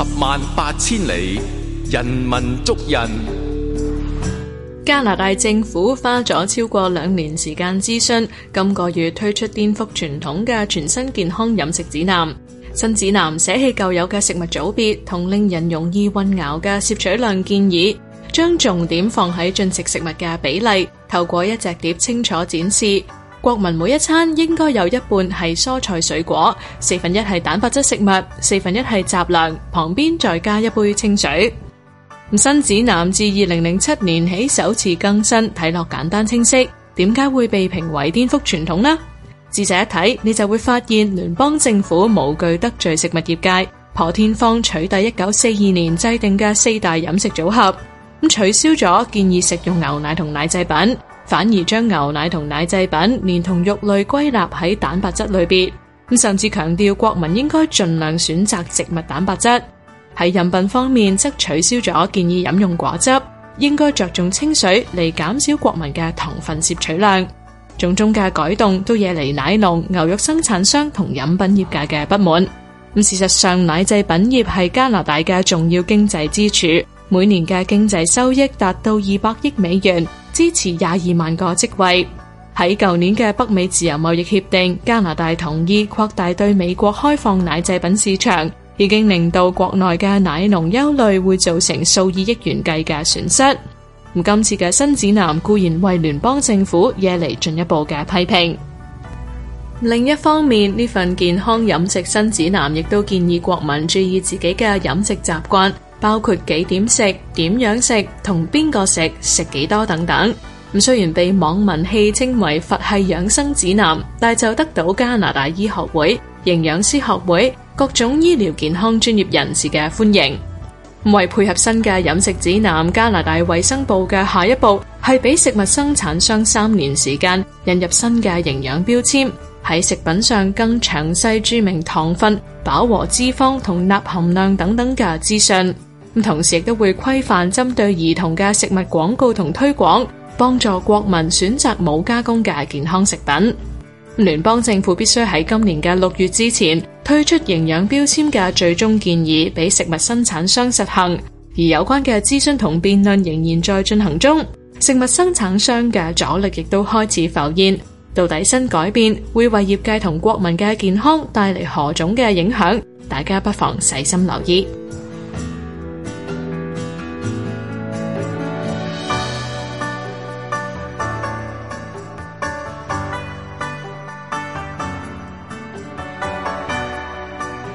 十萬八千里，人文足印。加拿大政府花咗超過兩年時間諮詢，今個月推出顛覆傳統嘅全新健康飲食指南。新指南捨棄舊有嘅食物組別同令人容易混淆嘅攝取量建議，將重點放喺進食食物嘅比例，透過一隻碟清楚展示。國民每一餐應該有一半係蔬菜水果，四分一係蛋白質食物，四分一係雜糧，旁邊再加一杯清水。新指南自反而將牛奶同奶製品連同肉類歸納喺蛋白質類別，咁甚至強調國民應該盡量選擇植物蛋白質。喺飲品方面，則取消咗建議飲用果汁，應該着重清水嚟減少國民嘅糖分攝取量。種種嘅改動都惹嚟奶農、牛肉生產商同飲品業界嘅不滿。咁事實上，奶製品業係加拿大嘅重要經濟支柱，每年嘅經濟收益達到二百億美元。支持廿二萬個職位。喺舊年嘅北美自由貿易協定，加拿大同意擴大對美國開放奶製品市場，已經令到國內嘅奶農憂慮會造成數以億元計嘅損失。今次嘅新指南固然為聯邦政府惹嚟進一步嘅批評。另一方面，呢份健康飲食新指南亦都建議國民注意自己嘅飲食習慣。包括幾點食、點樣食同邊個食、食幾多等等。咁雖然被網民戲稱為佛系養生指南，但就得到加拿大醫學會、營養師學會各種醫療健康專業人士嘅歡迎。為配合新嘅飲食指南，加拿大衛生部嘅下一步係俾食物生產商三年時間引入新嘅營養標籤，喺食品上更詳細注明糖分、飽和脂肪同鈉含量等等嘅資訊。同時